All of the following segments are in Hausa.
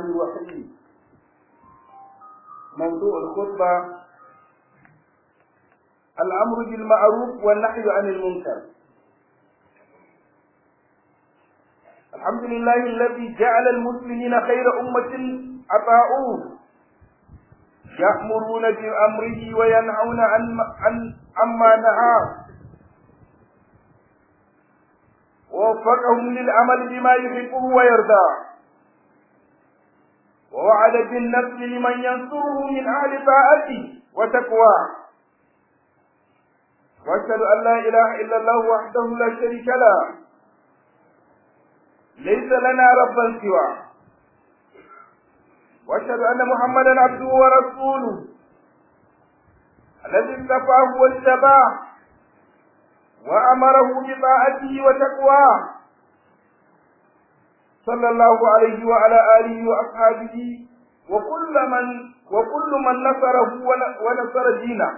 الرحمن الرحيم موضوع الخطبة الأمر بالمعروف والنهي عن المنكر الحمد لله الذي جعل المسلمين خير أمة أطاعوه يأمرون بأمره وينهون عن عن عما نهاه ووفقهم للعمل بما يحبه ويرضاه ووعد بالنفس لمن ينصره من أهل طاعته وتقواه واشهد أن لا إله إلا الله وحده لا شريك له ليس لنا ربا سواه واشهد أن محمدا عبده ورسوله الذي اصطفاه واجتباه وأمره بطاعته وتقواه صلى الله عليه وعلى آله وأصحابه وكل من وكل من نصره ونصر دينه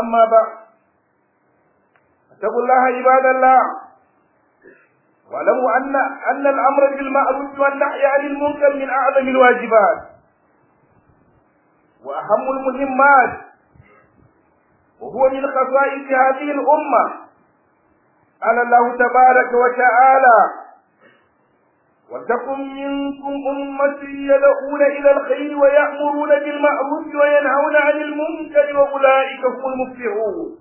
أما بعد اتقوا الله عباد الله واعلموا أن أن الأمر بالمعروف والنهي عن المنكر من أعظم الواجبات وأهم المهمات وهو من خصائص هذه الأمة قال الله تبارك وتعالى ولتكن منكم أمة يدعون إلى الخير ويأمرون بالمعروف وينهون عن المنكر وأولئك هم المفلحون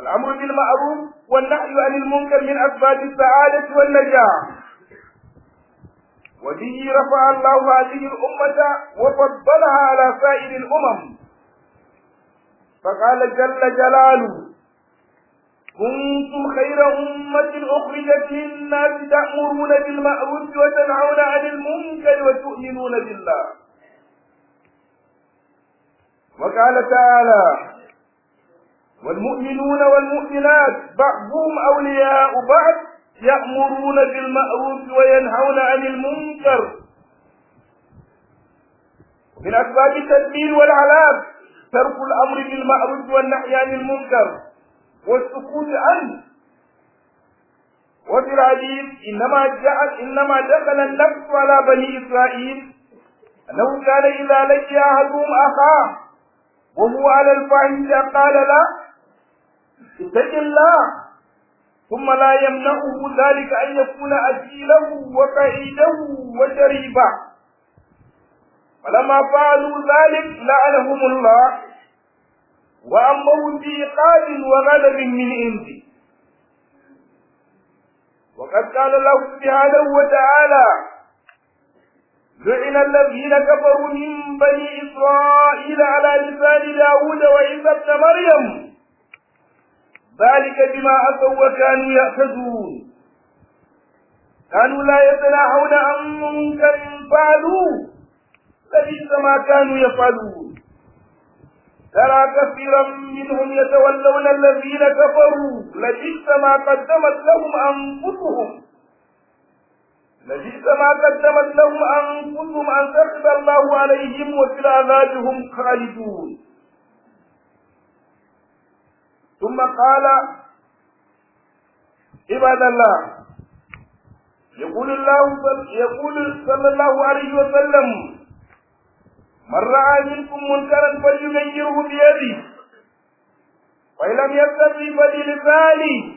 الأمر بالمعروف والنهي عن المنكر من أسباب السعادة والنجاة وبه رفع الله هذه الأمة وفضلها على سائر الأمم فقال جل جلاله كنتم خير أمة أخرجت للناس تأمرون بالمعروف وتنعون عن المنكر وتؤمنون بالله وقال تعالى والمؤمنون والمؤمنات بعضهم أولياء بعض يأمرون بالمعروف وينهون عن المنكر من أسباب التدبير والعلاج ترك الأمر بالمعروف والنهي عن المنكر والسكوت عنه وفي الحديث إنما جعل إنما دخل النفس على بني إسرائيل أنه كان إذا لقي أحدهم أخاه وهو على الفاحشة قال لا اتق الله ثم لا يمنعه ذلك أن يكون أجيله وقعيده وشريبه فلما فعلوا ذلك لعنهم الله وأمروا قاد وغلب من إنس وقد قال الله سبحانه وتعالى لعن الذين كفروا من بني إسرائيل على لسان داود وعيسى ابن مريم ذلك بما عصوا وكانوا يأخذون كانوا لا يتناهون عن منكر فعلوه لبئس ما كانوا يفعلون ترى كثيرا منهم يتولون الذين كفروا لجئت ما قدمت لهم أنفسهم لجئت ما قدمت لهم أنفسهم أن سخط الله عليهم وفي العذاب هم خالدون ثم قال عباد الله يقول الله يقول صلى الله عليه وسلم من رأى منكم منكرا فليغيره بيده فإن لم يستطع فبلسانه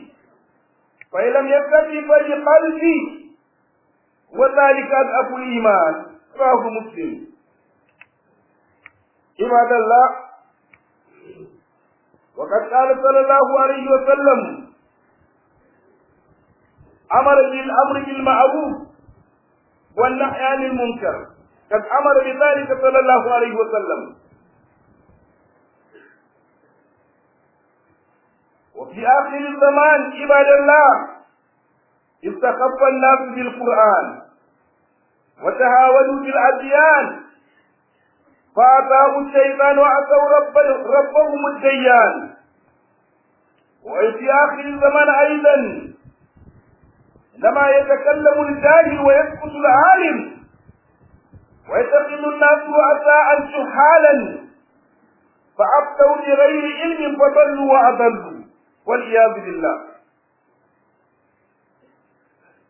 فإن لم يستطع فلقلبه وذلك أضعف الإيمان رواه مسلم عباد الله وقد قال صلى الله عليه وسلم أمر بالأمر بالمعروف والنهي عن المنكر قد امر بذلك صلى الله عليه وسلم وفي اخر الزمان عباد الله استخف الناس بالقران وتهاونوا بالاديان فاتاه الشيطان وعصوا رب ربهم الديان وفي اخر الزمان ايضا لما يتكلم الجاهل ويسكت العالم ويتخذ الناس رؤساء جهالا فأبتوا لغير علم فضلوا وأضلوا والعياذ بالله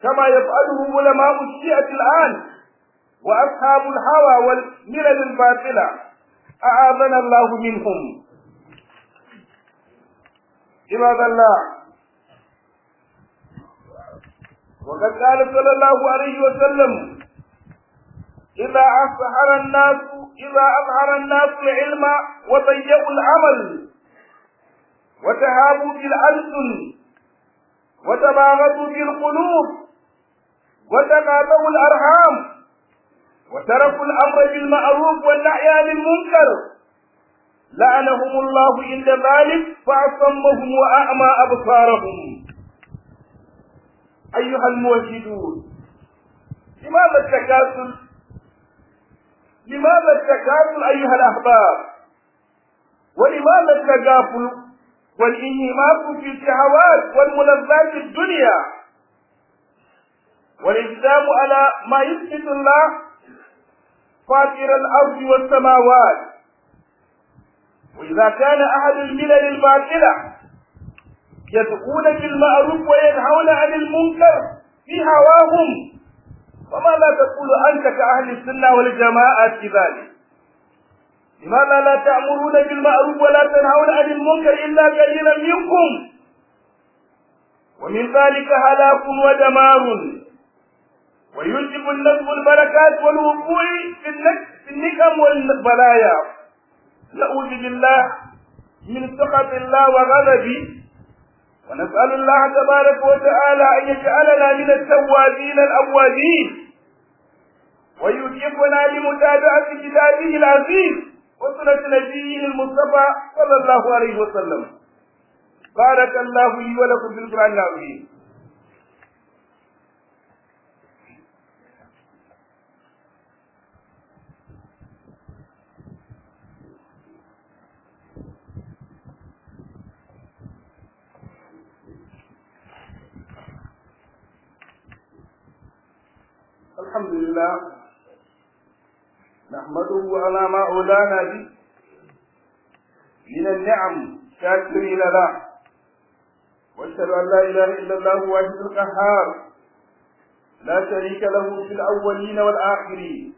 كما يفعله علماء الشيعة الآن وأصحاب الهوى والملل الباطلة أعاذنا الله منهم عباد الله وقد قال صلى الله عليه وسلم إذا أظهر الناس إذا أظهر الناس العلم وضيقوا العمل وتهابوا في الألسن وتباغتوا في القلوب وتنابوا الأرحام وتركوا الأمر بالمعروف والنهي عن المنكر لعنهم الله عند ذلك فأصمهم وأعمى أبصارهم أيها الموحدون لماذا التكاسل لماذا التكافل أيها الأحباب ولماذا التكافل والانهماك في الشهوات والملذات الدنيا والإسلام على ما يثبت الله فاطر الأرض والسماوات وإذا كان أحد الملل الباطلة يتقون بالمعروف وينهون عن المنكر في هواهم فماذا تقول أنت كأهل السنة والجماعة في ذلك لماذا لا تأمرون بالمعروف ولا تنهون عن المنكر إلا قليلا منكم ومن ذلك هلاك ودمار ويوجب النصب البركات والوقوع في النكم والبلايا نعوذ بالله من سخط الله وغضبه ونسأل الله تبارك وتعالى أن يجعلنا من التوابين الأوابين ويوجبنا لمتابعة كتابه العظيم وسنة نبيه المصطفى صلى الله عليه وسلم بارك الله لي ولكم في القرآن العظيم الحمد لله نحمده على ما أولانا به من النعم شاكرين له واشهد أن لا إله إلا الله وحده القهار لا شريك له في الأولين والآخرين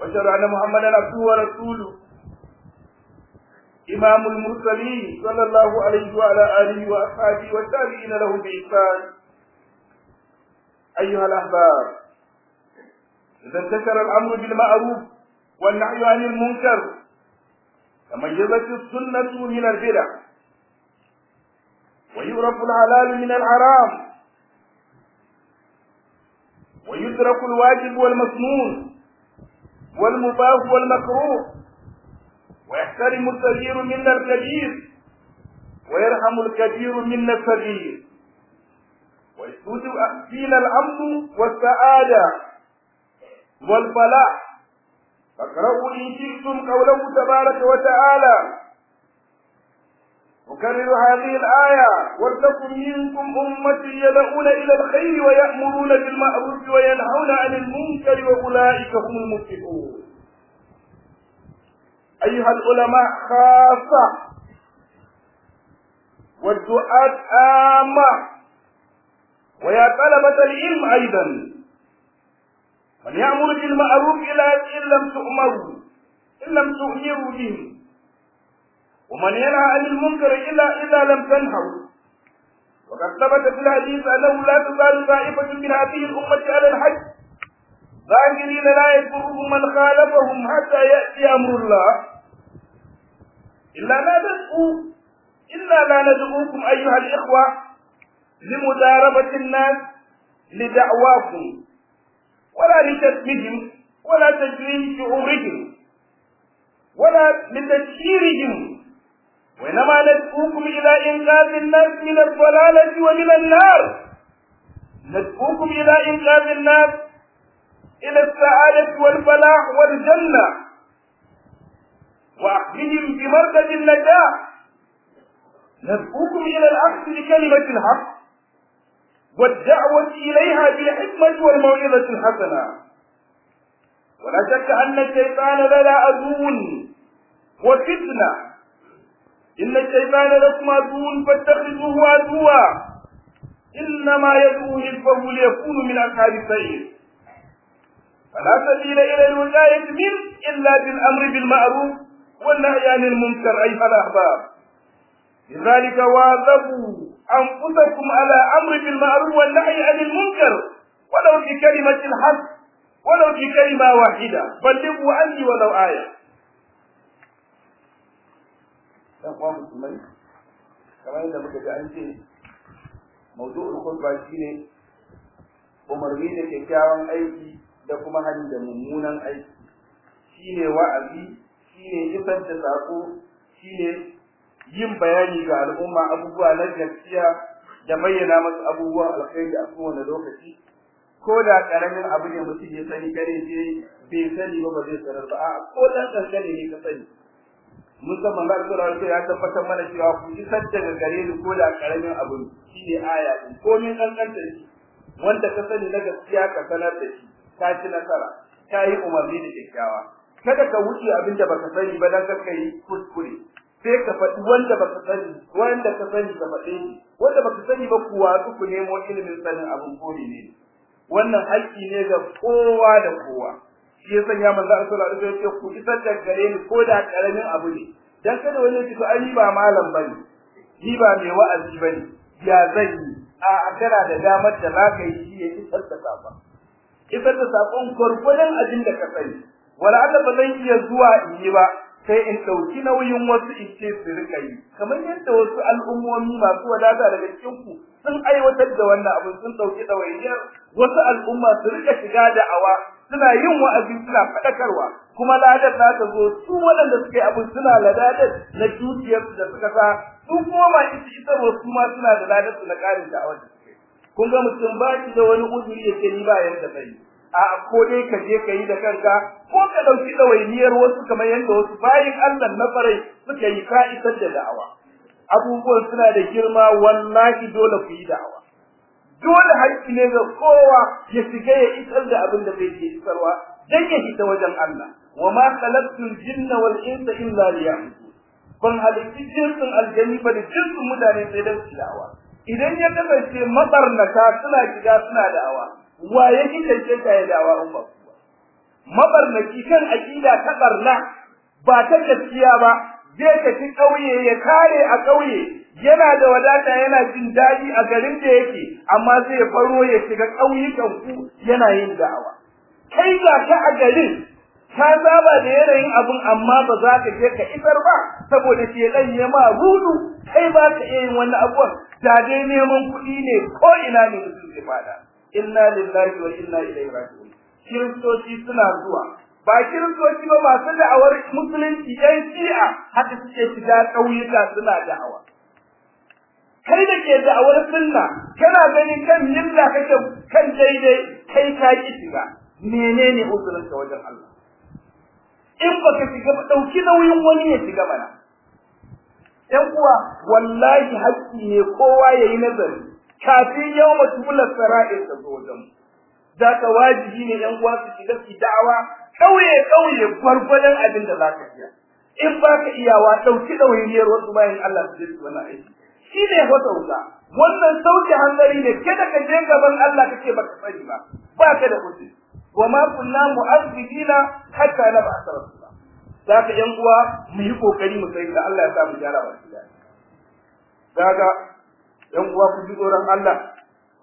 واشهد أن محمدا عبده ورسوله إمام المرسلين صلى الله عليه وعلى آله وأصحابه والتابعين له بإحسان أيها الأحباب إذا انتشر الأمر بالمعروف والنهي عن المنكر تميزت السنة من البدع ويعرف الحلال من الحرام ويدرك الواجب والمسنون والمباح والمكروه ويحترم الصغير منا الكبير ويرحم الكبير منا الصغير ويسود فينا الامن والسعاده والبلاء فاقرأوا إن شئتم قوله تبارك وتعالى أكرر هذه الآية ولتكن منكم أمة يدعون إلى الخير ويأمرون بالمعروف وينهون عن المنكر وأولئك هم المفلحون أيها العلماء خاصة والدعاة عامة ويا طلبة العلم أيضا من يأمر بالمعروف إلا إن لم تؤمروا إن لم تؤمروا به ومن ينهى عن المنكر إلا إذا لم تنهوا وقد ثبت في الحديث أنه لا تزال طائفة من هذه الأمة على الحج ظاهرين لا يذكرهم من خالفهم حتى يأتي أمر الله إلا لا ندعو إلا لا ندعوكم أيها الإخوة لمداربة الناس لدعواكم ولا لتثبيتهم ولا تجريم شعورهم ولا لتسييرهم وإنما ندعوكم إلى إنقاذ الناس من الضلالة ومن النار ندعوكم إلى إنقاذ الناس إلى السعادة والفلاح والجنة وأخذهم بمركز النجاح ندعوكم إلى الأخذ بكلمة الحق والدعوة إليها بالحكمة والموعظة الحسنة ولا شك أن الشيطان لنا عدو وفتنة إن الشيطان لكم عدو فاتخذوه عدوا إنما يدعو حزبه ليكون من أصحاب السعير فلا سبيل إلى الولاية منه إلا بالأمر بالمعروف والنهي عن المنكر أيها الأحباب لذلك واظبوا أنفسكم على أمر بالمعروف والنهي عن المنكر ولو بكلمة الحق ولو بكلمة واحدة بلغوا عني ولو آية kamar yadda muka an ce mawdu'ul umarni da kyakkyawan aiki da kuma hali da mummunan aiki shine wa'azi shine isar da sako shine yin bayani ga al'umma abubuwa na gaskiya da bayyana masu abubuwa alkhairi a kowane lokaci ko da karamin abu ne mutum ya sani kare ce bai sani ba ba zai sanar ba a'a ko dan kankane ne ka sani Musamman san manzo Allah ya tabbatar mana cewa ku ji sadda ga gare ni ko da karamin abu shine aya din ko min kankanta shi wanda ka sani na gaskiya ka sanar da shi ka ci nasara ka yi umarni da kyakkyawa kada ka wuce abin da baka sani ba dan ka kuskure sai ka faɗi wanda ba ka sani wanda ka sani ka faɗe ni. wanda ba ka sani ba kuwa ku nemo ilimin sanin abin kore ne wannan haƙƙi ne ga kowa da kowa shi ya sanya manzo a sallallahu alaihi yake ku isar da gare ni ko da karamin abu ne dan kada wani ya ce yi ba malam bane ni ba mai wa'azi bane ya zan yi a kana da damar da za ka yi shi ya isar da safa isar da sakon gwargwadon abin da ka sani wala ba zan iya zuwa in yi ba sai in ɗauki nauyin wasu in ce su rika yi kamar yadda wasu al'ummomi masu wadata daga cikin ku sun aiwatar da wannan abu sun ɗauki ɗawainiyar wasu al'umma su rika shiga da'awa suna yin wa'azi suna faɗakarwa kuma ladar za ta zo su waɗanda suke yi abu suna ladadar na dukiyarsu da suka sa su kuma ma ita ba su ma suna da ladarsu na ƙarin da'awar da suke kun ga mutum ba shi da wani uzuri ya ce ni ba yadda zai a ko dai ka je ka yi da kanka ko ka ɗauki ɗawainiyar wasu kamar yanda wasu bayan Allah na farai suka yi ka da da'awa abubuwan suna da girma wallahi dole ku yi da'awa dole haƙƙi ne ga kowa ya shiga ya isar da abin da bai ke isarwa dan ya hita wajen Allah wa ma khalaqtul jinna wal insa illa liya'budun ban halitti jinsin aljanni ba da jinsin mutane sai dan da'awa idan ya kasance mabarnata suna shiga suna da'awa wa ya ji cancanta ya dawa in kuwa mabarnaki kan aƙida ta barna ba ta gaskiya ba zai tafi ƙauye ya kare a ƙauye yana da wadata yana jin daɗi a garin da yake amma zai faro ya shiga ƙauyukan ku yana yin da'awa kai ga ka a garin ka saba da yanayin abun amma ba za ka je ka isar ba saboda shi ya ma rudu kai ba ka iya yin wani abuwa. da dai neman kuɗi ne ko ina ne mutum zai fada inna lillahi wa inna ilaihi raji'un kiristoci suna zuwa ba kiristoci ba masu da'awar musulunci yan shi'a haka suke shiga ƙauyuka suna da'awa kai da ke da'awar sunna kana ganin kan yinda kake kan daidai kai ka ki shiga menene uzurinka wajen Allah in baka shiga ba dauki nauyin wani ya shiga mana Yan uwa wallahi hakki ne kowa yayi nazari kafin yau tumlar sara'i ta zo wajen mu za ka wajibi ne yan uwa su shiga su da'awa ƙauye kauye gwargwadon abin da za ka iya in ba ka iyawa ɗauki ɗawainiyar wasu bayan Allah su je su wani aiki shi ne wata wuta wannan sauke hanzari ne kada ka je gaban Allah kake baka sani ba ba ka da kuɗi wa ma kunna mu'azzibina hatta nab'atha rasula za ka yan uwa mu yi ƙoƙari mu sai da Allah ya sa mu gyara baki da ka. yan uwa ku ji tsoron Allah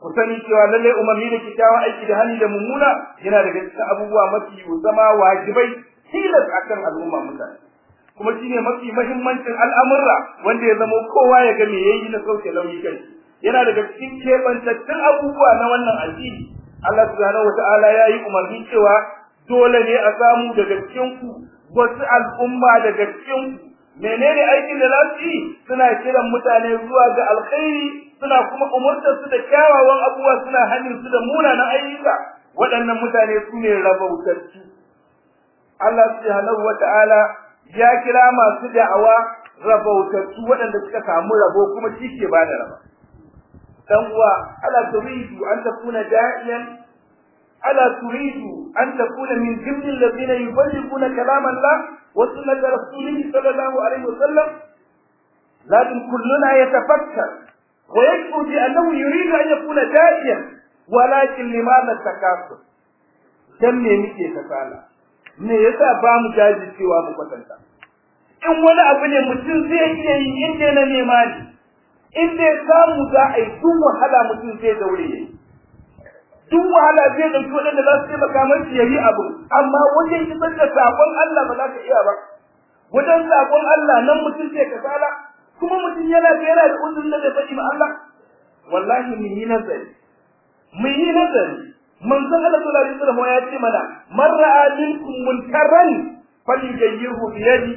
ku sani cewa lalle umarni da kyakkyawan aiki da hannu da mummuna yana daga cikin abubuwa mafi zama wajibai tilas akan al'umma mutane kuma ne mafi mahimmancin al'amurra wanda ya zama kowa ya ga me yi na sauke lauyi kai yana daga cikin kebantattun abubuwa na wannan addini Allah subhanahu wataala ya yi umarni cewa dole ne a samu daga cikin ku wasu al'umma daga cikin ku menene aikin da lafi suna kiran mutane zuwa ga alkhairi suna kuma umurtar su da kyawawan abubuwa suna hanyar su da munanan ayyuka waɗannan mutane su ne rabautarci Allah subhanahu wata'ala ya kira masu da'awa rabautarci waɗanda suka samu rabo kuma shi ke ba da rabo dan uwa ala turidu an takuna da'iyan ala turidu an takuna min jimlil ladina yuballighuna kalam Allah وسنة رسوله صلى الله عليه وسلم لازم كلنا يتفكر ويشعر بأنه يريد أن يكون داعيا ولكن لماذا التكاثر؟ سمي مكي كفالة من يسعى بام في وابو قتلتا إن ولا أبني مسلم زيكي إن دينا نيماني إن دي سامو داعي ثم حلا مسلم زي دوليه duk wahala zai dauki waɗanda za su taimaka mashi yayi abu amma wajen isar da sakon Allah ba za ka iya ba wajen sakon Allah nan mutum zai kasala kuma mutum yana da yana da uzurin da zai faɗi ma Allah wallahi mun yi nazari mun yi nazari manzon Allah sallallahu alaihi wasallam ya ce mana man ra'a minkum munkaran falyughayyirhu bi yadi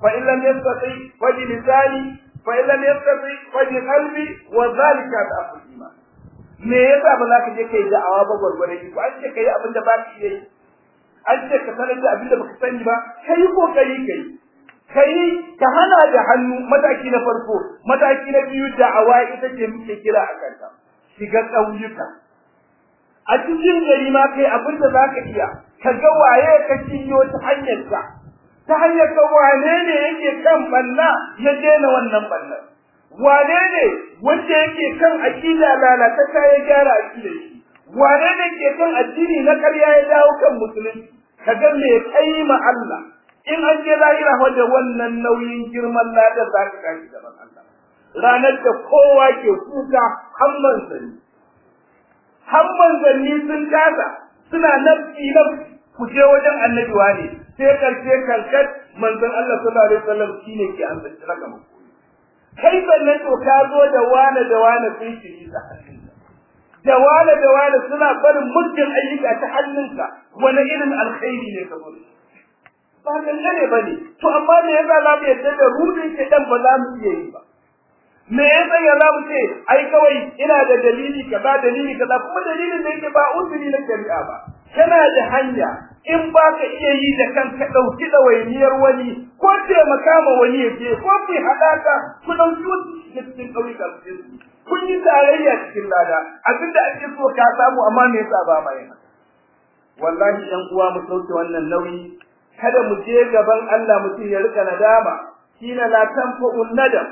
fa in lam yastati fa bi lisani fa in lam yastati fa bi qalbi wa dhalika ta'ful iman me yasa ba za ka je kai da'awa ba gwargwaron ko an ce kai abin da ba ka yi an ce ka sanar da abin da baka sani ba kai kokari kai kai ka hana da hannu mataki na farko mataki na biyu da'awa ita ce muke kira a kanta shiga ƙauyuka a cikin gari ma kai abin da za ka iya ka ga waye ka cinyo ta hanyar ta hanyar ka wane ne yake kan banna ya daina wannan bannan wane ne wanda yake kan aqida lalata ya gyara aqida shi wane ne ke kan addini na ƙarya ya dawo kan musulunci ga me kai ma Allah in an je lahira wanda wannan nauyin girman lada za ka kashi gaban Allah ranar da kowa ke kuka hamman zanni hamman zanni sun kasa suna nafsi nafsi kuje je wajen annabi wane sai karshe kankan manzon Allah sallallahu alaihi wasallam shine ke amsa raka muku kai ballan to ka zo da wane da wane sun shiri da wane da wane suna barin muddin ayyuka ta hannunka wani irin alkhairi ne ka gudu ba lallare ba ne to amma me yasa za mu yadda da rudin ke dan ba za mu iya yi ba me yasa ya za mu ce ai kawai ina da dalili ka ba dalili ka kaza kuma dalilin da yake ba uzuri na shari'a ba kana da hanya in ba ka iya yi da kanka ɗauki ɗawainiyar wani ko taimaka ma wani ya je ko ku haɗaka ku ɗauki wasu cikin ƙauyuka su kun yi tarayya cikin lada abinda ake so ka samu amma me yasa ba mai wallahi ɗan uwa mu sauke wannan nauyi kada mu je gaban Allah mutum ya rika nadama shine la tanfa'un nadam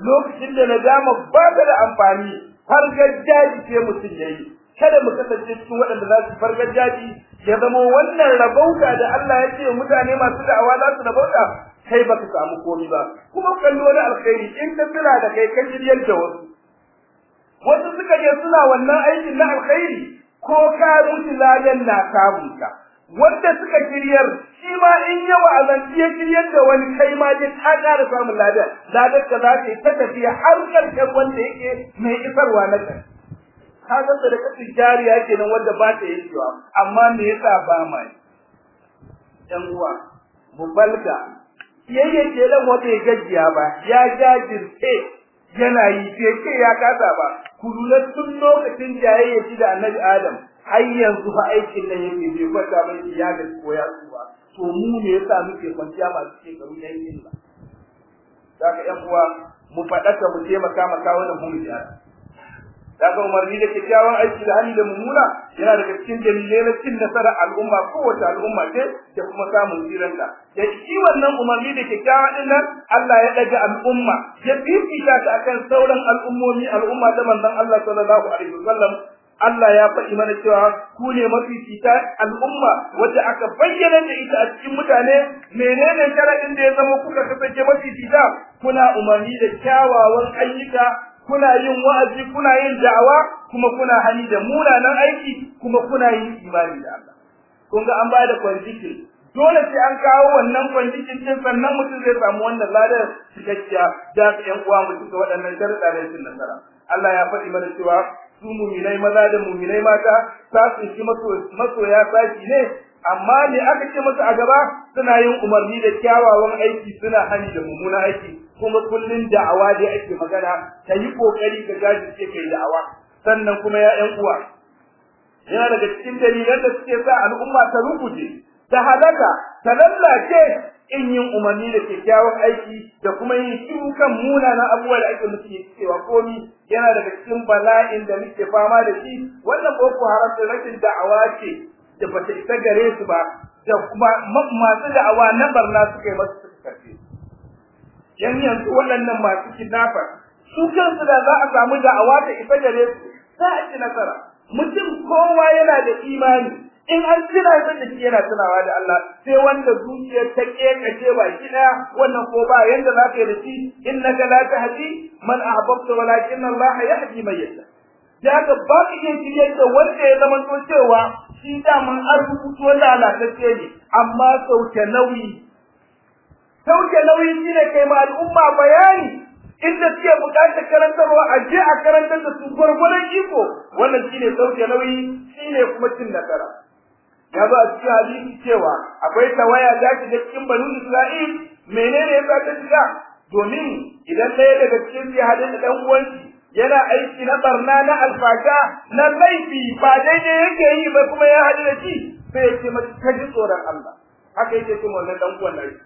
lokacin da nadama ba da amfani har gaggaji ce mutum yayi kada mu kasance cikin waɗanda za su fargar jaji ya zama wannan rabauta da Allah ya ce mutane masu da'awa za su rabauta kai ka samu komi ba kuma kalli wani alkhairi in ka tsira da kai kan jiriyar da wasu wasu suka je suna wannan aikin na alkhairi ko ka mutu na samun ka wanda suka kiryar shi ma in yawa azanci ya kiryar da wani kai ma je ta ƙara samun ladan ladan ka za ta yi ta tafiya har ƙarshen wanda yake mai isarwa na ƙarshe Ka san da sadakatu jariya kenan wanda ba ta yankewa amma me yasa ba mai? yan uwa mu balga yayye ke lan wata ya gajiya ba ya jajirce yana yi ke ya kasa ba kululan tun lokacin jayayya shi da annabi adam har yanzu fa aikin nan yake bai kwata mai ya ga koya su ba to mu me yasa muke kwanciya masu garu yayin ba zaka yan uwa mu faɗaka mu taimaka maka wannan mu daga umarni da kyakkyawan aiki da hali da mummuna yana daga cikin dalilai na cin nasarar al'umma kowace al'umma ce da kuma samun ziranta da shi wannan umarni da kyakkyawan din nan Allah ya ɗaga al'umma ya fifita ta akan sauran al'ummomi al'umma ta manzon Allah sallallahu alaihi wasallam Allah ya faɗi mana cewa ku ne mafifita al'umma wadda aka bayyana da ita a cikin mutane menene sharaɗin da ya zama kuka kasance mafifita kuna umarni da kyawawan ayyuka kuna yin wa'azi kuna yin da'awa kuma kuna hani da munanan aiki kuma kuna yin imani da Allah kun ga an ba da condition dole sai an kawo wannan kwandikin din sannan mutum zai samu wannan ladar cikakkiya da ƴan uwa mu da waɗannan sharuɗa da cin nasara Allah ya faɗi mana cewa su mu'minai maza da mu'minai mata sa su shi masoya saki ne amma ne aka ce masa a gaba suna yin umarni da kyawawan aiki suna hani da mummunan aiki kuma kullun da'awa dai ake magana ta yi kokari ka jajirce kai da'awa sannan kuma ya yan uwa yana daga cikin dalilan da suke sa al'umma ta rubuje ta halaka ta lallace in yin umarni da kyakkyawan aiki da kuma yin shukan munanan abuwa da ake musu cewa komi yana daga cikin bala'in da muke fama da shi wannan boko haram da rashin da'awa ce da bata isa gare su ba da kuma masu da'awa na barna suka yi masu suka karfe yan yanzu waɗannan masu kidnapper su kansu da za a samu da'awa ta isa gare su za a ci nasara mutum kowa yana da imani in an tuna sa da shi yana tunawa da Allah sai wanda zuciyar ta kekace ba shi wannan ko ba yanda za ka yi da shi innaka la tahdi man ahbabta walakin Allah yahdi man yasha Ya haka ba ka iya shiryar da wanda ya zama to cewa shi daman an rubuto lalatacce ne amma sauke nauyi sauke nauyi shi ne kai ma al'umma bayani inda suke bukatar karantarwa a je a karantar da su gwargwaron iko wannan shine sauke nauyi shine kuma cin nasara ya zo a cikin hadisi cewa akwai tawaya za ki ga cikin banu isra'il menene ya ta shiga domin idan ɗaya daga cikin ya da ɗan uwanki yana aiki na barna na alfaka na laifi ba daidai yake yi ba kuma ya haɗu da shi sai ya ce mata ta ji tsoron Allah haka yake ce wannan dan uwan nan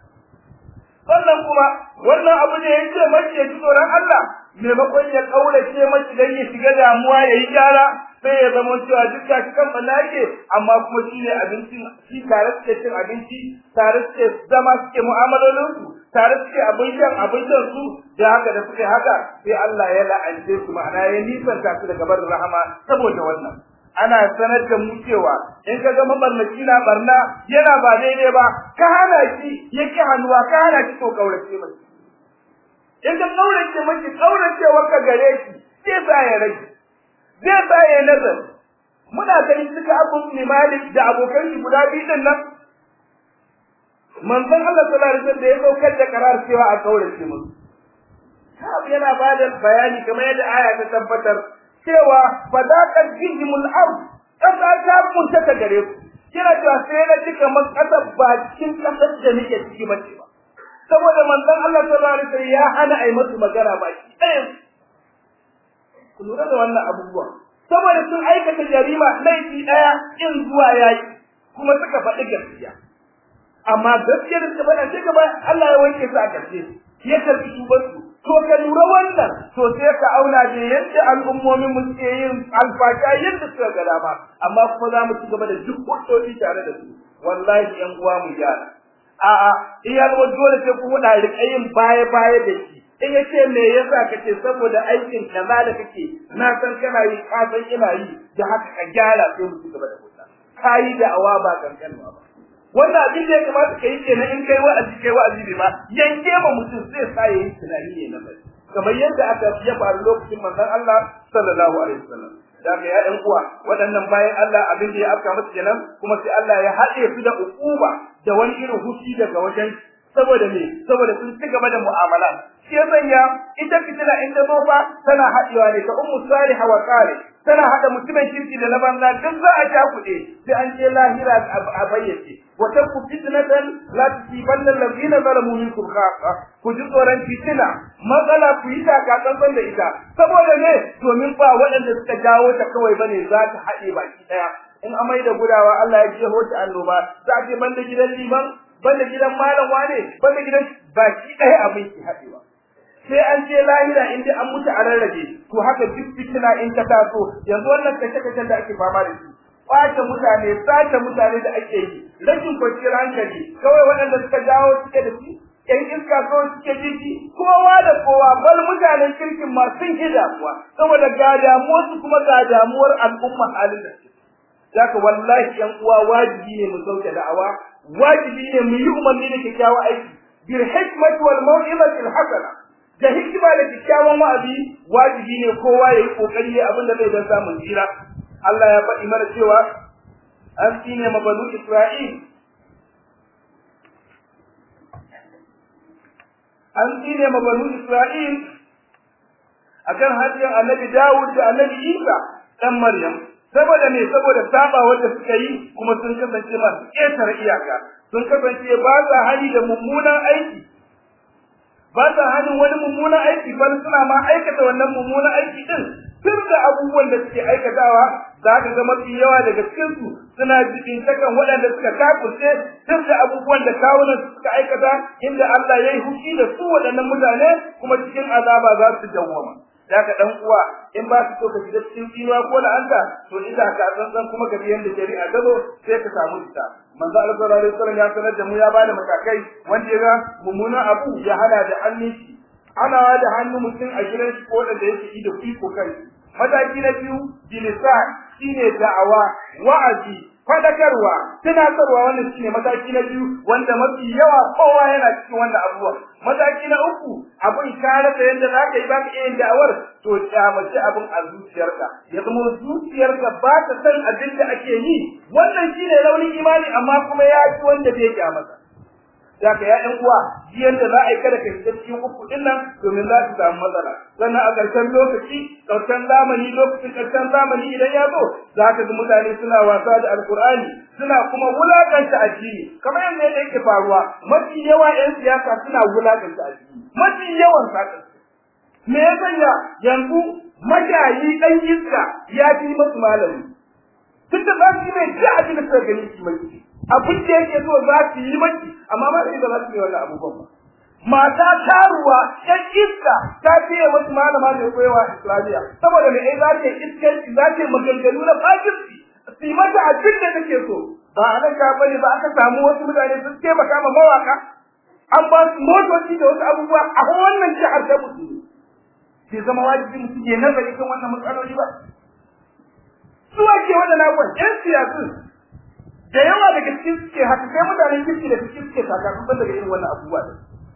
wannan kuma wannan abu ne yake mace ya ji tsoron Allah maimakon ya kaurace mace dan ya shiga damuwa ya yi gyara sai ya zama cewa duk da kan yake amma kuma shi ne abincin shi tare suke cin abinci tare suke zama suke mu'amalolin su tare suke abincin abincin su da haka da suke haka sai Allah ya la'ance su ma'ana ya nisanta su daga barin rahama saboda wannan ana sanar da mu cewa in ka ga mabarnaci na barna yana ba daidai ba ka hana shi yake hannuwa ka hana shi to kaurace mai in ka kaurace mai kaurace wa ka gare shi sai sa ya rage zai tsaye nazar muna ganin suka abun limalik da abokan shi guda biyu din nan manzon Allah sallallahu alaihi wasallam ya kokar da karar cewa a shi musu Ka'ab yana ba da bayani kamar yadda aya ta tabbatar cewa fadaqat jihimul ard kasa ta kunta ta gare ku kina cewa sai na cika makasa ba cikin kasar da nake ciki ba saboda manzon Allah sallallahu alaihi wasallam ya hana ai musu magana ba shi ku lura da wannan abubuwa saboda sun aikata jarima laifi daya in zuwa yaki kuma suka faɗi gaskiya amma gaskiya da suka faɗa sai gaba Allah ya wanke su a ƙarshe ya karbi tubansu to ka lura wannan to sai ka auna da yadda al'ummomin mu suke yin alfaka yadda suka ga dama amma kuma za mu ci gaba da duk hudodi tare da su wallahi yan uwa mu gyara a'a iyalwa dole sai ku huda riƙayin baya baya da shi in ya ce me yasa ka saboda aikin da da kake na san kana yi ka san ina yi da haka ka gyara sai mu gaba da kusa ka yi da awa ba kankan ba wannan abin da ya kamata ka yi na in kai wa'azi kai wa'azi ne ma yanke ma mutum zai sa ya yi tunani ne na mai kamar yadda aka ya faru lokacin manzon Allah sallallahu alaihi wasallam da ga ya'yan uwa waɗannan bayan Allah abin da ya afka musu kenan kuma sai Allah ya haɗe su da ukuba da wani irin hushi daga wajen saboda me saboda sun ci gaba da mu'amala shi manya ita fitila in ta tana haɗewa ne ta ummu saliha wa qali tana haɗa mutumin kirki da na duk za a kuɗe, sai an je lahira a bayyace wa taku fitnatan la tusibanna allazina zalamu minkum khafa ku ji tsoron fitina matsala ku yi taka tsantsan da ita saboda ne domin ba waɗanda suka jawo ta kawai bane za ta haɗe baki ɗaya in amai da gudawa Allah ya je hota annoba za a je banda gidan liman banda gidan malam wane banda gidan baki ɗaya abin ki haɗewa sai an je lahira in an mutu a rarrabe to haka duk fitina in ta taso yanzu wannan kace kace da ake fama da shi kwace mutane sace mutane da ake yi rashin kwanciyar hankali kawai waɗanda suka jawo suke da shi yan iska kawai suke jiki kowa da kowa bal mutanen kirkin ma sun ke damuwa saboda ga damuwarsu kuma ga damuwar al'umma halin da ka wallahi yan uwa wajibi ne mu sauke da'awa wajibi ne mu yi umarni da kyakkyawa aiki bil hikmati wal maw'izati al hasana da hikima da kyakkyawan wa'azi wajibi ne kowa ya yi kokari ya abin da zai dan samun jira. Allah ya faɗi mana cewa an tsine ma banu Isra'il an tsine ma banu Isra'il akan hadiyan Annabi Dawud da Annabi Isa dan Maryam saboda me saboda saba wanda suka yi kuma sun kasance masu ƙetare iyaka sun kasance ba za hali da mummunan aiki ba ta hannun wani mummunan aiki bal suna ma aikata wannan mummunan aiki ɗin, tun da abubuwan da suke aikatawa za ka ga mafi yawa daga cikinsu suna jikin takan waɗanda suka kafirce tun da abubuwan da kawunan suka aikata inda Allah ya yi huki da su waɗannan mutane kuma cikin azaba za su dawwama. daga dan uwa in ba ka so ka shiga cikin tsinuwa ko la'anta to ni da ka san kuma ka biyan da shari'a zo sai ka samu ita manzo Allah sallallahu alaihi wasallam ya sanar da mu ya ba bada matakai wanda ya ga mummuna abu ya hada da hannunki ana da hannu mutum a gidan shi ko da yake yi da ko kai. mataki na biyu bilisan shine da'awa wa'azi fadakarwa tsarwa wannan shine mataki na biyu wanda mafi yawa kowa yana cikin wannan abuwa mataki na uku abun kare da yanda zaka yi baka yin da'awar to mace abin a zuciyarka ya zama zuciyarka ba ta san abin da ake yi wannan shine launin imani amma kuma ya ci wanda bai masa. Daka ya ɗan uwa, da za a yi kada ka shiga cikin uku ɗin nan domin za su samu matsala. Sannan a ƙarshen lokaci, ƙarshen zamani, lokacin ƙarshen zamani idan ya zo, za ka ga mutane suna wasa da Alƙur'ani, suna kuma wulaƙanta addini. Kamar yadda ya yake faruwa, mafi yawa 'yan siyasa suna wulaƙanta addini. Mafi yawan saƙa. Me ya sanya yanzu majayi ɗan iska ya fi masu malami. tunda da za su mai ji a cikin suka gani mai abin da yake zuwa za su yi maki amma ba zai za su yi wannan abubuwan ba mata taruwa yan iska ta fiye wasu malama da koyawa islamiyya saboda mai ai za ta iskanci za ta maganganu na fajirci su yi mata abin da take so ba a nan ka ne ba aka samu wasu mutane sun ba ma mawaka an ba su motoci da wasu abubuwa a wannan jihar ta musulmi ke zama wajibi mutum ke nazari kan wannan matsaloli ba su ake wannan abubuwan yan siyasun da yawa daga cikin suke haka sai mutanen kirki da cikin suke sakamakon daga irin wannan abubuwa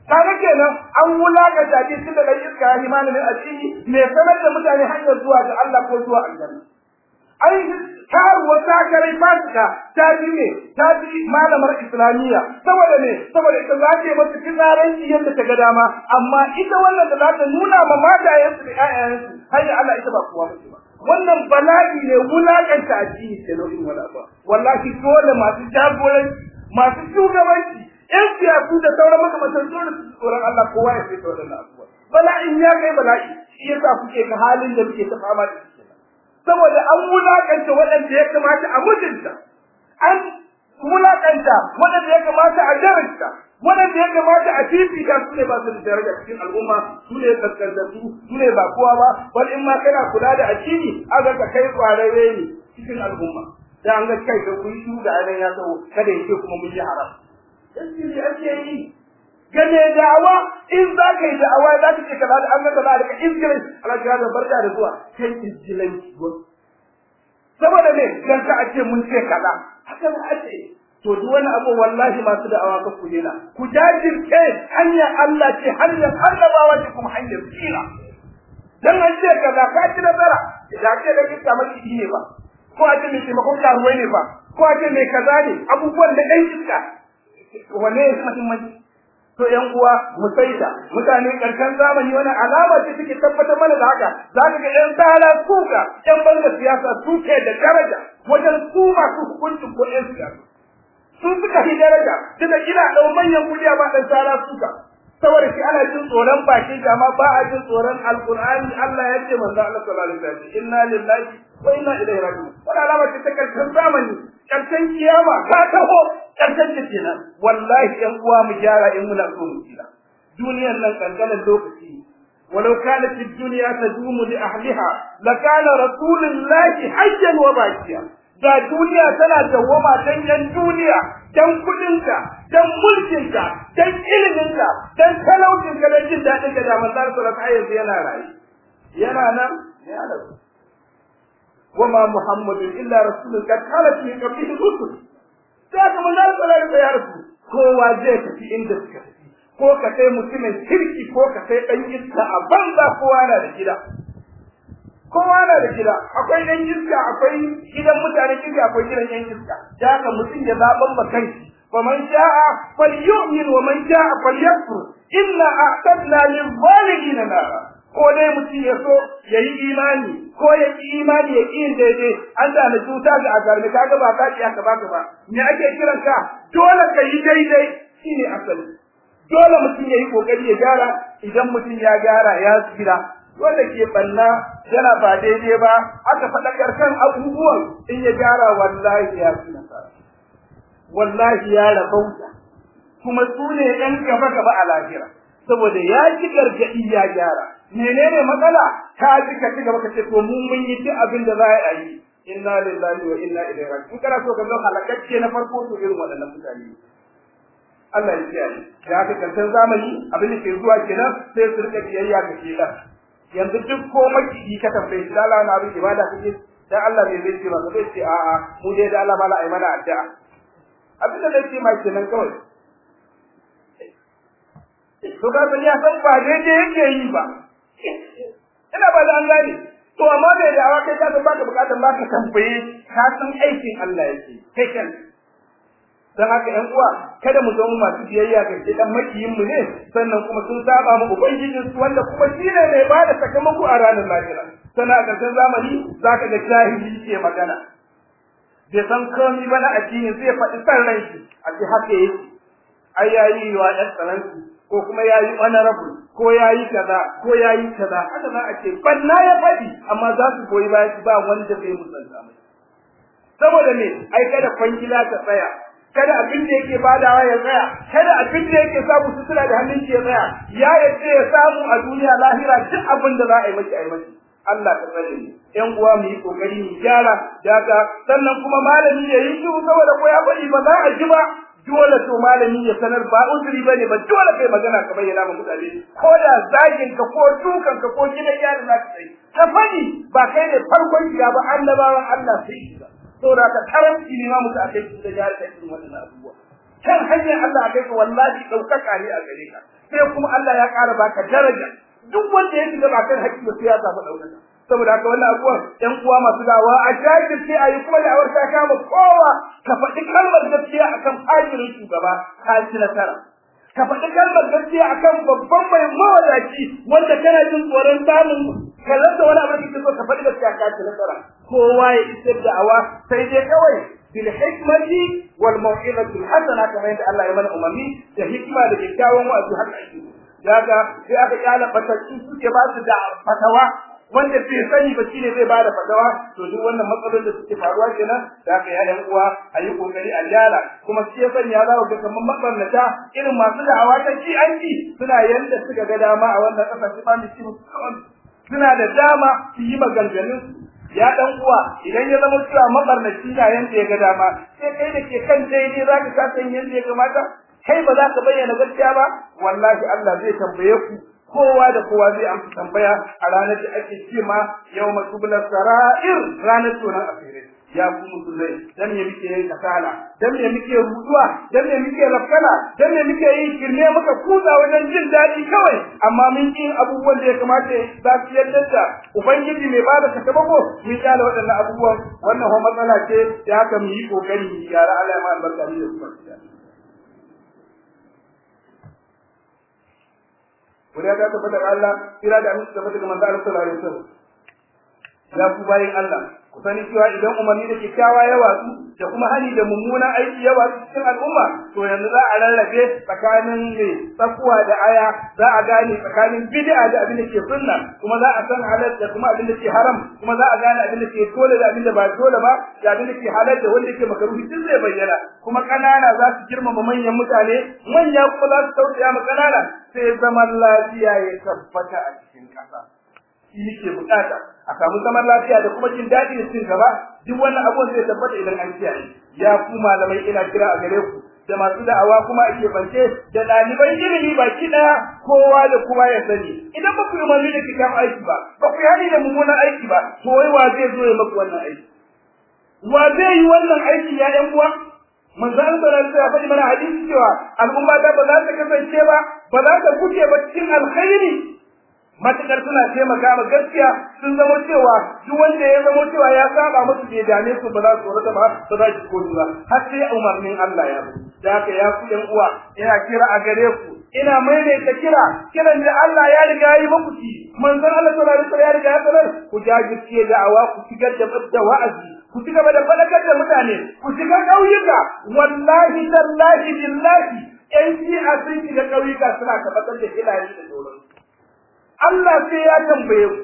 kaga kenan an wulaka jaje tun da dan iska ya himana min asiri me sanar da mutane hanyar zuwa ga Allah ko zuwa aljanna ai har ta kare fasika ta bi ne ta bi malamar islamiyya saboda ne saboda ita za ta yi masa kinaranci yadda ta ga dama amma ita wannan da za ta nuna ma matayensu da ƴaƴayensu hanyar Allah ita ba kowa ba wannan bala'i ne wulakanta addini ke nau'in wani abu wallahi dole masu jagoranci masu shugabanci yan siyasu da sauran makamantan dole su tsoron Allah kowa ya sai tsoron abubuwa bala'in ya kai bala'i shi yasa kuke ga halin da muke ta fama da shi saboda an wulakanta waɗanda ya kamata a mutunta an wulaƙanta waɗanda ya kamata a jarabta da ya kamata a fifita su ne ba su da daraja cikin al'umma su ne kaskantattu su ne ba kowa ba wal in ma kana kula da addini aga ka kai kwararre ne cikin al'umma da an ga kai da kuyi shi da anan ya tsawo kada yake kuma mun yi haram gaskiya ake yi gane da'awa in za ka yi da'awa za ka ce kaza da an ga kaza da izgirin alajiya da barka da zuwa kai izgirin saboda ne dan ka ce mun ce kaza haka za a to duk wani abu wallahi masu da'awa ka ku dena ku jajirce hanyar Allah ce hanyar annabawa ce kuma hanyar tsira dan an ce kaza ka ci nazara, da ce da kika maki ne ba ko a ce mai ka ruwai ne ba ko a ce mai kaza ne abubuwan da ɗan iska ne ya mai to yan uwa mu mutane karshen zamani wani alama ce take tabbatar mana da haka zaka ga yan tsala suka yan banga siyasa suke da daraja wajen su masu hukuncin ko yan siyasa sun suka fi daraja tunda ina ɗau manyan kuɗi ba ɗan tsara suka saboda shi ana jin tsoron bakin shi amma ba a jin tsoron alkur'ani Allah ya ce manzo Allah sallallahu alaihi wasallam inna lillahi wa inna ilaihi raji'un wannan alama ce ta karshen zamani karshen kiyama ta taho karshen ta wallahi yan uwa mu gyara in muna so mu tsira duniyar nan kankanin lokaci ولو كانت الدنيا تدوم لأهلها لكان رسول الله حيا وباكيا Da duniya tana dawoma dan yan duniya dan kudinka dan mulkinka dan iliminta dan talaucinka dan jin daɗin ka da masar sallallahu alaihi yana rayu yana nan ya rasu وما محمد إلا رسول قد rusul من قبله الرسل ذاك da ya فلا Kowa zai كوا inda suka عندك ko ka kai mutumin kirki ko ka kai dan a banza kowa na da gida kowa na da gida akwai ɗan iska akwai gidan mutane kirki akwai gidan ɗan iska da haka mutum ya zaɓan ma kanshi wa man sha'a ومن شاء inna a'tadna lil zalimin nara ko dai mutum ya so ya yi imani ko ya ki imani ya ƙi daidai an da na cuta ga azarmi ka ga ba ka ki aka baka ba me ake kiran ka dole ka yi daidai shine asali dole mutum ya yi kokari ya gyara idan mutum ya gyara ya tsira wanda ke banna yana ba daidai ba aka faɗakar kan abubuwan in ya gyara wallahi ya fi nasara wallahi ya rabauta kuma su ne ɗan gaba gaba a lahira saboda ya ci gargaɗi ya gyara menene matsala ka ji ka ci gaba ka ce to mun yi duk abin da za a yi inna lillahi wa inna ilaihi raji'un in kana so ka zama halakacce na farko to irin waɗannan mutane Allah ya kiyaye da haka kan zamani abin da ke zuwa kenan sai su rika biyayya ke shedan yanzu duk ko maciji ka tambaye shi Allah na bi ibada kake dan Allah bai zai ce ba sai ce a mu dai da Allah mala ai mana addu'a abin da zai ce ma kenan kawai to ka san a san ba dai yake yi ba ina ba dan gani gane to amma bai da awa kai ka san baka bukatan baka tambaye ka san aikin Allah yake kai kan dan haka ɗan uwa kada mu zama masu biyayya ga shi dan makiyin mu ne sannan kuma sun saba mu ubangijin su wanda kuma shi ne mai bada sakamako a ranar lahira sana ga zamani zaka ga jahili ke magana bai san komai ba na addini zai faɗi san ran shi a ce haka yake ai yayi wa ɗan ko kuma yayi honorable ko yayi kaza ko yayi kaza haka za a ce banna ya faɗi amma za su goyi baya ba wanda bai musanta mai saboda me ai kada kwangila ta tsaya kada abin da yake badawa ya tsaya kada abin da yake samu sutura da hannun shi ya tsaya ya yace ya samu a duniya lahira duk abin da za a yi miki a yi miki Allah ka tsare ni ƴan uwa mu yi kokari mu gyara data sannan kuma malami ya yi shi saboda ko ya faɗi ba za a ji ba dole to malami ya sanar ba uzuri bane ba dole kai magana ka bayyana ma mutane ko da zagin ka ko dukan ka ko gidan yaro za ka tsaye ka faɗi ba kai ne farkon shiga ba annabawan Allah sai shiga saboda ka karanci ne ma mutu akai da jari da irin wannan abubuwa kan hanyar Allah kai ka wallahi daukaka ne a gare ka sai kuma Allah ya ƙara baka daraja duk wanda ya shiga ba kan hakki ba sai ya samu daukaka saboda haka wannan abuwa ɗan uwa masu dawa a shaidar sai a yi kuma da awar ta kama kowa ka faɗi kalmar gaskiya akan fajirin shugaba ka ci nasara ka faɗi kalmar gaskiya akan babban mai mawadaci wanda kana jin tsoron samun kallon da wani abin da ka faɗi siyasa ka nasara kowa ya isar da awa sai dai kawai bil hikmati wal mau'izati hasana kamar yadda Allah ya mana umarni da hikima da kyakkyawan wa'azi haka aiki. daga sai aka kyala fatakki suke ba su da fatawa wanda bai sani ba shine zai bada fatawa to duk wannan matsalolin da suke faruwa kenan da aka yi yan uwa ayi kokari a kuma shi ya sanya za ku ga kamar mabarnata irin masu da'awa ta ci an ci suna yanda suka ga dama a wannan ƙasa su ba mu ci suna da dama su yi maganganun ya dan uwa idan ya zama cewa mabarnaci na yanda ya ga dama sai kai da ke kan daidai za ka san yanda ya kamata kai ba za ka bayyana gaskiya ba wallahi Allah zai tambaye ku kowa da kowa zai amsa tambaya a ranar da ake cima yau matublar sara'ir ranar tunan asirai ya ku musulmai dan ne muke yin kasala dan ne muke ruduwa dan ne muke rafkana dan ne muke yin kirne muka kuza wajen jin daɗi kawai amma mun yi abubuwan da ya kamata za su yadda da ubangiji mai bada sakamako mu tsala waɗannan abubuwan wannan ho matsala ce da haka mu yi kokari mu gyara Allah ya ma albarka mu da su wani ya ta tabbatar Allah kira da aminci tabbata ga manzo Allah sallallahu alaihi wasallam ya ku bayin Allah ku sani cewa idan umarni da kyakkyawa ya watsu da kuma hali da mummunan aiki ya watsu cikin al'umma to yanzu za a rarrabe tsakanin mai tsakuwa da aya za a gane tsakanin bid'a da abin da ke sunna kuma za a san halal da kuma abin da ke haram kuma za a gane abin da ke dole da abin da ba dole ba da abin da ke halal da wanda ke makaruhi tun zai bayyana kuma ƙanana za su girmama manyan mutane manya kuma za su tausaya ma kanana sai zaman lafiya ya tabbata a cikin ƙasa shi yake bukata a samu zaman lafiya da kuma jin daɗi da cin gaba duk wannan abubuwan zai tabbata idan an kiyaye ya ku malamai ina kira a gare ku da masu da'awa kuma ake bance da ɗaliban ilimi baki ɗaya kowa da kowa ya sani idan ba ku yi mamu da kitan aiki ba ba ku yi da mummunan aiki ba to wai wa zai zo ya maku wannan aiki wa zai yi wannan aiki ya ɗan uwa manzo an tsara sai ya faɗi mana hadisi cewa al'umma ta ba za ta kasance ba ba za ta guje ba cikin alkhairi matakar suna taimaka ma gaskiya sun zama cewa duk wanda ya zama cewa ya saba musu bai dame su ba za su rata ba su za su koyi ba har sai umarnin Allah ya zo da haka ya ku yan uwa ina kira a gare ku ina maimaita kira kiran da Allah ya riga ya yi muku ci manzon Allah sallallahu alaihi ya riga ya sanar ku jajirce awa ku shigar da wa'azi ku ci gaba da falakar da mutane ku shiga ƙauyuka wallahi tallahi billahi yan shi'a sun shiga ƙauyuka suna tabbatar da hilali da sauransu Allah sai ya tambaye mu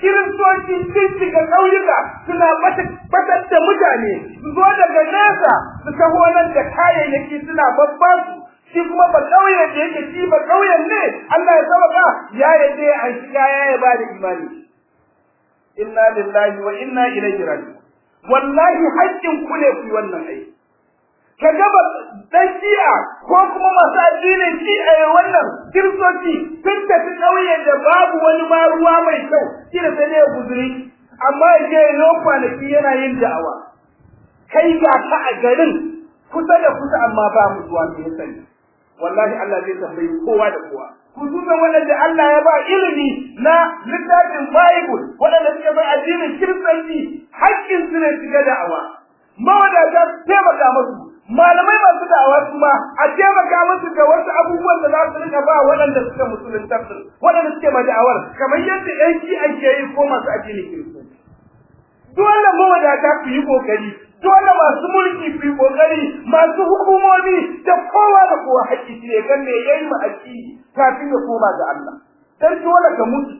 kiristoci sun shiga ƙauyuka suna batar da mutane su zo daga nesa su taho nan da kayayyaki suna babbansu shi kuma ba ƙauyen da yake shi ba ƙauyen ne Allah ya sabaka ya yadda a an shiga ya ba bada imani inna lillahi wa inna ilaihi raji. wallahi haƙƙin ku ne ku yi wannan aiki ka gaba dan shi'a ko kuma masu addinin shi'a wannan kiristoci sun tafi ƙauyen da babu wani ma ruwa mai kyau shi sai ya guzuri amma ya je ya kwanaki yana yin da'awa kai ga ka a garin kusa da kusa amma ba mu zuwa ke sani wallahi Allah zai tambayi kowa da kowa ku duba da Allah ya ba ilimi na littafin Bible waɗanda suka ba addinin kiristanci haƙƙin su ne shiga da'awa mawadata taimaka musu malamai masu da'awa kuma a taimaka musu ga wasu abubuwan da za su rika ba waɗanda suka musulunta waɗanda suke ma da'awar kamar yadda yan shi ke yi ko masu addini su dole mawadata ku yi kokari dole masu mulki ku yi kokari masu hukumomi da kowa da kowa haƙƙi shi ne kan me yi ma addini kafin ya koma ga Allah dan dole ka mutu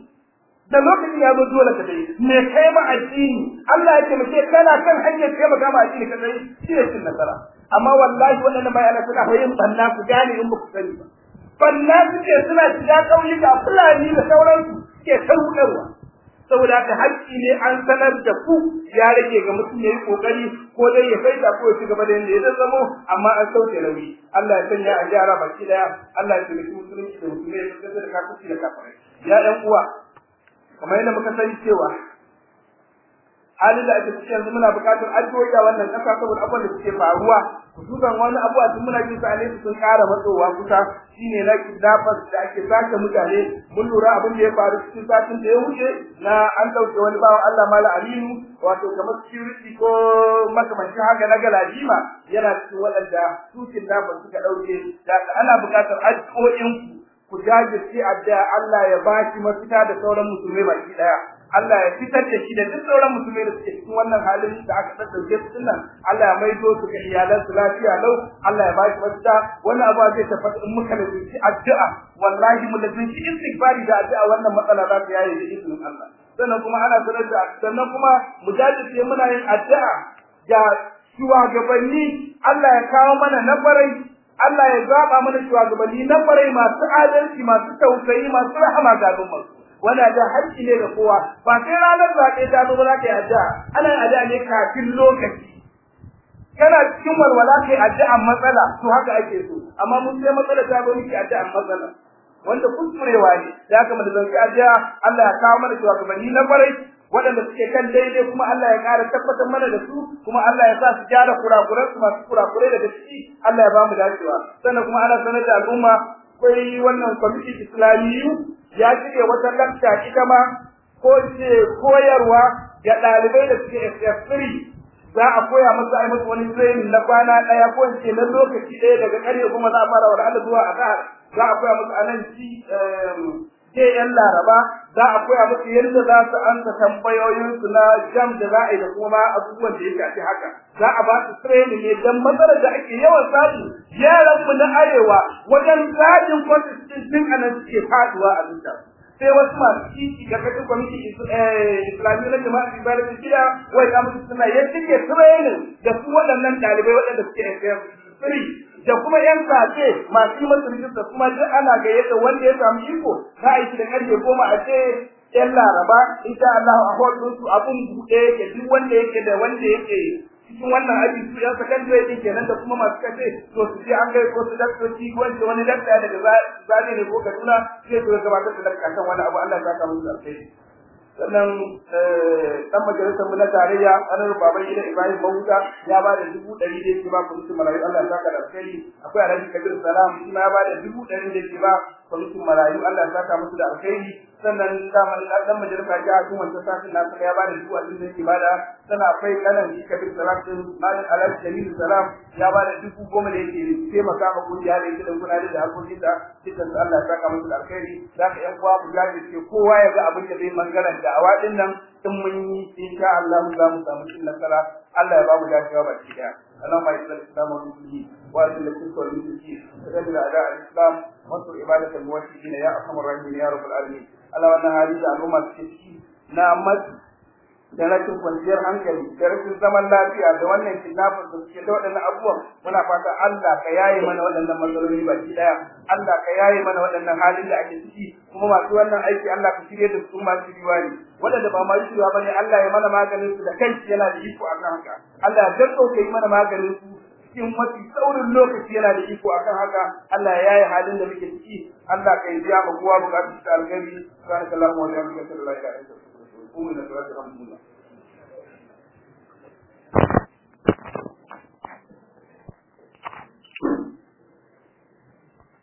da lokacin ya zo dole ka dai me kai ma addini Allah ya ce mace kana kan hanyar taimaka ma addini ka dai shi ne cin nasara amma wallahi waɗannan bayan Allah suna yin banna ku gane in muku sani ba banna suke suna shiga ga fulani da sauransu ke sauƙarwa saboda ka haƙƙi ne an sanar da ku ya rage ga mutum ya yi ƙoƙari ko dai ya faita ko ya ci gaba da yadda ya zamo amma an sauke nauyi Allah ya sanya a yara baki daya Allah ya taimaki musulunci da musulmai da kasar da kafirci ya ɗan uwa kamar yadda muka sani cewa halin da ake cikin yanzu muna buƙatar addu'o'i a wannan ƙasa saboda abubuwan da suke faruwa kusurban wani abu a tun muna jin sa ne sun ƙara matsowa kusa shine na kidnappers da ake sace mutane mun lura abin da ya faru cikin satin da ya wuce na an ɗauke wani bawa Allah mala aminu wato kamar security ko makamancin haka na galadima yana cikin waɗanda su kidnappers suka ɗauke da ana buƙatar addu'o'in ku jajirce addu'a Allah ya baki mafita da sauran musulmai baki ɗaya Allah ya fitar da shi da duk sauran musulmai da suke cikin wannan halin da aka tsada da su nan Allah ya maido su ga iyalan su lafiya lau Allah ya bashi wata wannan abu zai tafi in muka da shi addu'a wallahi mun da shi istighfari da addu'a wannan matsala za ta yaye da izinin Allah sannan kuma ana sanar da sannan kuma mu sai muna yin addu'a ga shugabanni Allah ya kawo mana na farai Allah ya zaba mana shugabanni na farai masu adalci masu tausayi masu rahama ga al'umma wana da haƙƙi ne ga kowa ba sai ranar zaɓe ta zo ba za ka yi addu'a ana yin addu'a ne kafin lokaci kana cikin walwala kai addu'a matsala to haka ake so amma mun sai matsala ta zo miki addu'a matsala wanda kuskurewa ne ya kama da zan addu'a Allah ya kawo mana ni na kwarai waɗanda suke kan daidai kuma Allah ya ƙara tabbatar mana da su kuma Allah ya sa su gyara kurakuran su masu kurakurai da Allah ya ba mu dacewa sannan kuma ana sanar da al'umma akwai wannan kwamiti islamiyu ya shirya wata lakta ita ma ko ce koyarwa ga ɗalibai da suke SS3 za a koya musu ai musu wani training na kwana ɗaya ko ce na lokaci ɗaya daga ƙarfe kuma za a fara Allah zuwa a za a koya musu a nan ci sai yan laraba za a koya musu yadda za su ansa tambayoyinsu na jam da za a yi da kuma abubuwan da ya shafi haka za a ba su training ne dan matsalar da ake yawan samu yaran na arewa wajen gadin constitution din anan suke faduwa a duniya sai wasu masu kiki ga kakin kwamiti eh, islami na jama'a ibada da wai kamar suna yadda ke training da su waɗannan ɗalibai waɗanda suke free da kuma yan sace masu yi masu rijista kuma duk ana ga yadda wanda ya samu iko za a yi shi da karfe goma a ce yan laraba insha Allah a hoto su abun buɗe yake duk wanda yake da wanda yake cikin wannan aji su yan sakandare ke kenan da kuma masu kace to su je an kai ko su daktoci wanda wani dakta daga zane ne ko Kaduna sai su gabatar da kan wani abu Allah ya saka musu alheri sannan eh, dan majalisar mu na tarayya an anar baban gida Ibrahim Bauta ya ba da dubu ɗari da ke ba kuma marayu Allah ya saka da alkhairi akwai Alhaji Kabir Salam shi ma ya ba da dubu ɗari da ke ba kwamitin marayu Allah ya saka musu da alkhairi sannan daman dan majalisa ya ji kuma ta saki na ya bada su a cikin ibada sana akwai kanan shi kabir salam din malam alal jalil salam ya bada dubu goma da yake taimaka ma kungiya da yake da kuna da harkokin da cikin Allah ya saka musu da alkhairi zaka yan uwa da ke kowa ya ga abin da zai mangaran da awa din nan in mun yi insha Allah za mu samu cin nasara Allah ya ba mu dacewa baki da اللهم اجعل الاسلام والمسلمين واذل الشرك والمشركين da اعداء الاسلام wasu ibadatu al-muwahhidin ya a rahimin ya rabbal alamin Allah wannan hali da al'umma suke ciki na da rashin kwanciyar hankali da rashin zaman lafiya da wannan kidnapping da suke da waɗannan abubuwan muna fata Allah ka yaye mana waɗannan matsaloli baki daya Allah ka yaye mana waɗannan halin da ake ciki kuma masu wannan aiki Allah ka shirye da su masu ne. waɗanda ba masu ba ne Allah ya mana maganin su da kanki yana da iko akan haka Allah ya zarto yi mana maganin su cikin mafi saurin lokaci yana da iko akan haka Allah ya yi halin da muke ciki Allah kai biya ma kowa bukatun ta alkhairi subhanallahi wa bihamdihi la da illa kuma wa da